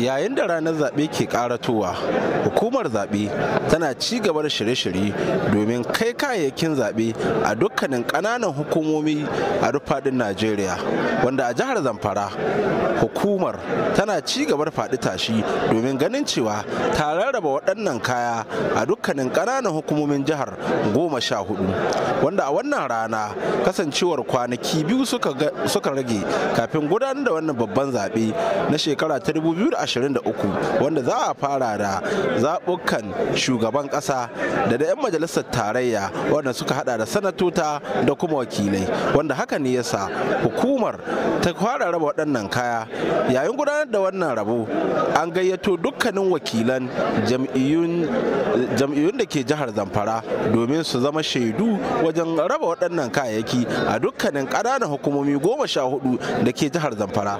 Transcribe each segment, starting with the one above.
yayin da ranar zaɓe ke ƙaratowa, hukumar zaɓe tana ci gaba da shirye-shirye domin kai kayayyakin zaɓe a dukkanin ƙananan hukumomi a faɗin najeriya wanda a jihar zamfara hukumar tana ci gaba da faɗi tashi domin ganin cewa ta rarraba waɗannan kaya a dukkanin ƙananan hukumomin jihar goma sha hudu wanda a wannan rana kasancewar kwanaki biyu suka rage kafin gudanar da wannan babban zaɓe na shekara ta 2023 wanda za a fara da zaɓukan shugaban ƙasa da da 'yan majalisar tarayya wanda suka hada da sanatota da kuma wakilai wanda haka ne yasa hukumar ta fara raba waɗannan kaya yayin gudanar da wannan rabo an gayyato dukkanin wakilan jam'iyyun da ke jihar zamfara domin su zama shaidu wajen raba waɗannan kayayyaki a dukkanin ƙananan hukumomi goma sha hudu da ke jihar zamfara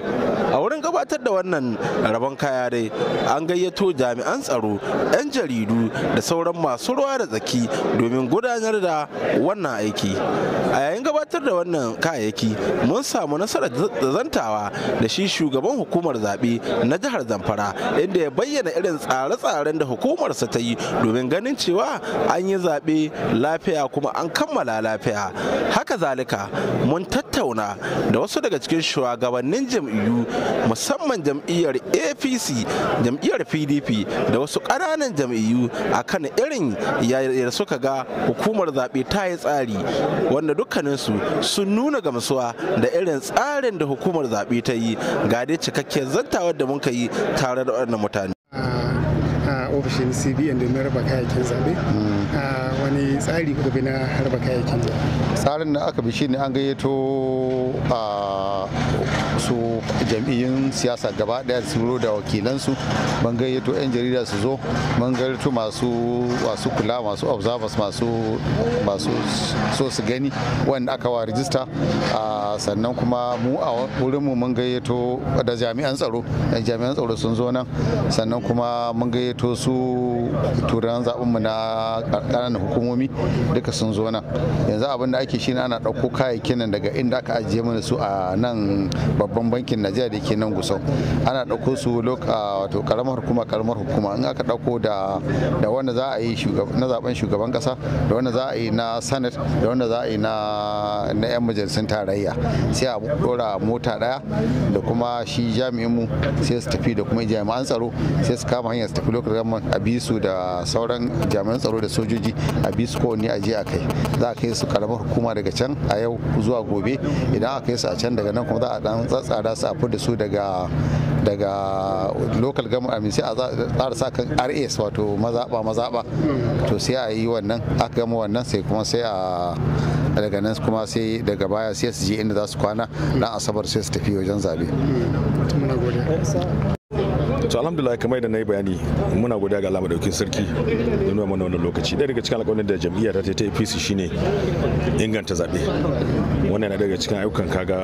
a wurin gabatar da wannan rabon kaya dai an gayyato jami'an tsaro 'yan jaridu da sauran masu ruwa da tsaki domin gudanar da wannan aiki a yayin gabatar da wannan kayayyaki mun samu nasarar zantawa da shi shugaban hukumar zaɓe na jihar zamfara inda ya bayyana irin tsare-tsaren da hukumarsa ta yi domin ganin cewa an yi zaɓe lafiya kuma an kammala lafiya haka zalika mun tattauna tattauna da wasu daga cikin shugabannin jam'iyyu musamman jam'iyyar apc jam'iyyar pdp da wasu ƙananan jam'iyyu kan irin yayar suka ga hukumar zaɓe ta yi tsari wanda dukkaninsu sun nuna gamsuwa da irin tsarin da hukumar zaɓe ta yi ga dai cikakken zantawar da muka yi tare da waɗannan mutane ofishin cbn domin raba kayayyakin zaɓe mm. ah, wani tsari kuka bi na raba kayayyakin zaɓe tsarin da aka bi shi ne an gayyato a ah, su jam'iyyun siyasa gaba daya su da wakilansu ban gayyato 'yan jarida su zo ban gayyato masu masu kula masu observers masu masu so su gani wanda aka wa rijista ah, sannan kuma mu a wurinmu mun gayyato da jami'an tsaro jami'an tsaro sun zo nan sannan kuma mun gayyato su turan zaɓenmu na ƙananan hukumomi duka sun zo nan yanzu abin da ake shi ana ɗauko kayayyakin daga inda aka ajiye mana su a nan babban bankin yankin najeriya da ke nan gusau ana ɗauko su wato karamar hukuma karamar hukuma in aka ɗauko da da wanda za a yi na zaben shugaban kasa da wanda za a yi na senate da wanda za a yi na yan majalisun tarayya sai a ɗora mota ɗaya da kuma shi jami'in mu sai su tafi da kuma jami'an tsaro sai su kama hanyar su tafi lokacin a bi da sauran jami'an tsaro da sojoji a bi su kowanne a je a kai za a kai su karamar hukuma daga can a yau zuwa gobe idan aka kai su a can daga nan kuma za a dan tsatsara su su a da su daga daga local government amin sai a tsara sa kan ras wato mazaba mazaba to sai a yi wannan aka gama wannan sai kuma sai a daga nan kuma sai daga baya sai su je inda za su kwana na asabar sai su tafi wajen zabe hmm. to alhamdulillah kamar da na yi bayani muna godiya ga alama daukin sarki da nuna mana wannan lokaci ɗaya daga cikin alƙawarin da jam'iyyar ta ta apc shine inganta zaɓe wannan yana daga cikin ayyukan kaga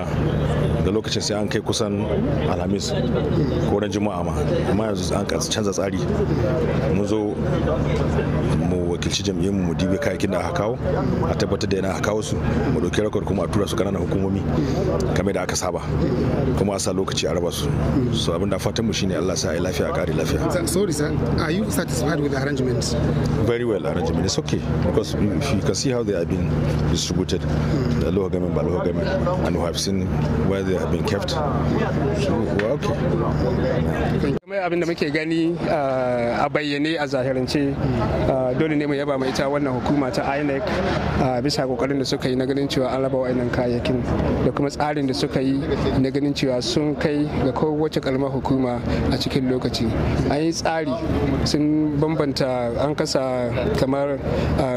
da lokacin sai an kai kusan alhamis ko ran juma'a ma amma yanzu an canza tsari mun zo wakilci jam'iyyar mu dibe kayakin da aka kawo a tabbatar da yana aka kawo su mu dauki rekod kuma a tura su kananan hukumomi kamar da aka saba kuma a sa lokaci a raba su so abin da fatan mu shine Allah sa ai lafiya a kare lafiya sorry sir are you satisfied with the arrangement very well arrangement is okay because if you can see how they have been distributed the lower government by lower government and we have seen where they have been kept so we're okay abin da muke gani ah, a bayyane a zahirance ah, dole ne mu yaba mai ita wannan hukuma ta inec ah, bisa kokarin da suka yi na ganin cewa an raba wa'annan kayayyakin da kuma tsarin da suka yi na ganin cewa sun kai ga kowace kalmar hukuma a cikin lokaci an yi tsari sun bambanta an kasa kamar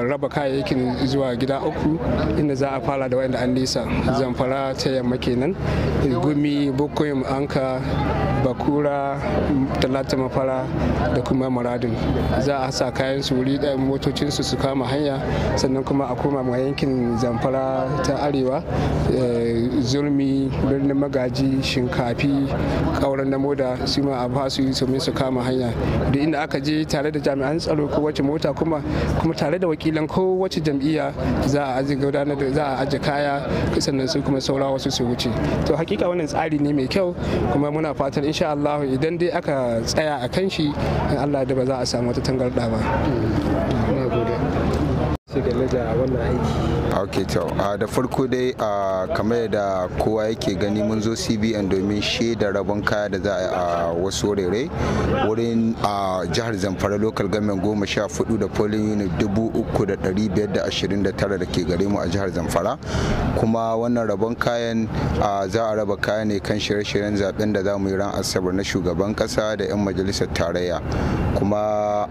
raba kayayyakin zuwa gida uku inda za a fara da wa'anda an nisa zamfara ta yamma kenan gumi bukoyim anka bakura talata mafara da kuma muradin za a sa kayan su wuri ɗaya motocin su su kama hanya sannan kuma a koma ma yankin zamfara ta arewa eh, zurmi birnin magaji shinkafi kauran na moda su ma a basu su su kama hanya da inda aka je tare da jami'an tsaro ko wace mota kuma kuma tare da wakilan ko wace jam'iyya za a aje gudanar da za a aje kaya sannan su kuma saura wasu su wuce to hakika wannan tsari ne mai kyau kuma muna fatan insha Allah idan dai aka aka tsaya a kan shi in Allah da ba za a samu wata tangarɗa ba da ok to da farko dai kamar da kowa yake gani mun zo cbn domin shaida rabon kaya da za a wasu rere wurin jihar zamfara lokal government goma sha fudu da polling unit dubu uku da dari biyar da ashirin da tara da ke gare mu a jihar zamfara kuma wannan rabon kayan za a raba kaya ne kan shirye-shiryen zaben da za mu yi ran asabar na shugaban kasa da 'yan majalisar tarayya kuma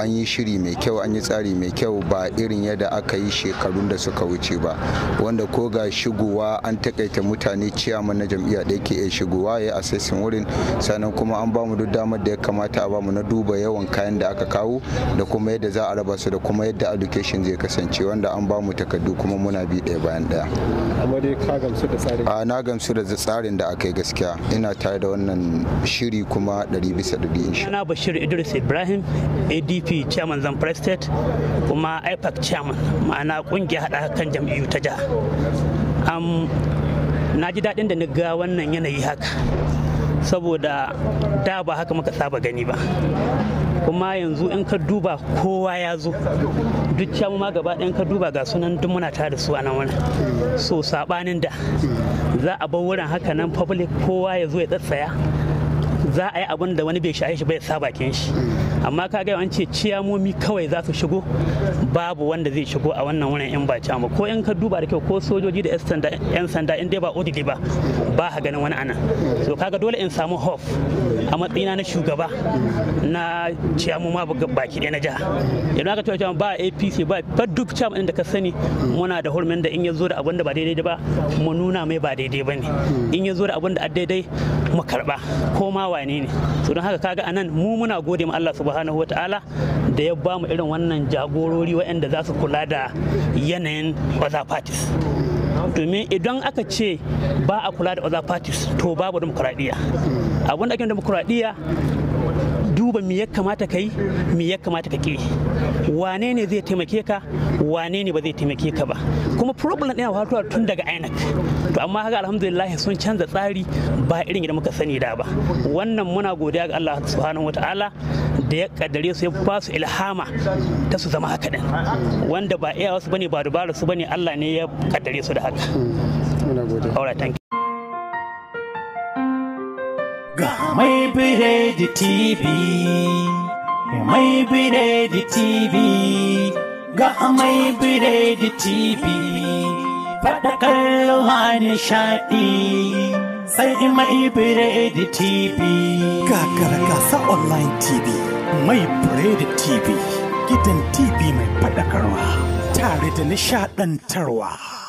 an yi shiri mai kyau an yi tsari mai kyau ba irin irin yadda aka yi shekarun da suka wuce ba wanda ko ga shigowa an takaita mutane ciyaman na jam'iyya da ke shigowa ya asesin wurin sannan kuma an bamu duk damar da ya kamata a bamu na duba yawan kayan da aka kawo da kuma yadda za a raba su da kuma yadda allocation zai kasance wanda an mu takardu kuma muna bi ɗaya bayan ɗaya. amma dai ka gamsu da tsarin a na gamsu da tsarin da aka yi gaskiya ina tare da wannan shiri kuma ɗari bisa ɗari. Ana Bashir Idris Ibrahim ADP Chairman Zamfara State kuma IPAC chairman ma'ana kungiyar hada kan jam'iyyu ta jiha na ji daɗin da na ga wannan yanayi haka saboda da ba haka muka saba gani ba kuma yanzu in ka duba kowa ya zo duk camu ma gaba ɗayan ka duba ga sunan duk muna tare da su a nan wani so sabanin da za a bar wurin haka nan public kowa ya zo ya tsatsaya za a yi abin da wani bai shaye shi bai saba bakin shi amma ka ga an ce ciyamomi kawai za su shigo babu wanda zai shigo a wannan wurin in ba ciyamu ko in ka duba da kyau ko sojoji da yan sanda in dai ba odili ba ba ha ganin wani ana so kaga dole in samu hof a matsayina na shugaba na ciyamu ma baki ɗaya na jiha idan aka cewa ba apc ba fa duk ciyama da ka sani muna da hulmin da in ya zo da abin da ba daidai ba mu nuna mai ba daidai ba ne in ya zo da abin da daidai mu karba ko ma wane ne to don haka kaga anan mu muna gode ma Allah subhanahu wataala da ya bamu irin wannan jagorori waɗanda za su kula da yanayin other parties domin idan aka ce ba a kula da other parties to babu demokuraɗiyya abin da ake demokuraɗiyya duba me ya kamata ka yi me ya kamata ka ke wane ne zai taimake ka wane ne ba zai taimake ka ba kuma problem ɗin wato tun daga inec amma haka alhamdulillah sun canza tsari ba irin yadda muka sani da ba wannan muna godiya ga Allah subhanahu wataala da ya kaddare su ya ba su ilhama ta su zama haka din wanda ba iya wasu bane ba dubara su bane Allah ne ya kaddare su da haka muna godiya aure thank you ga mai biredi tv mai biredi tv ga mai biredi tv faɗakar ruwa nishaɗi sai mai biredi TV. Gagara gasa online TV, mai biredi TV, gidan TV mai faɗakarwa tare da nishaɗantarwa.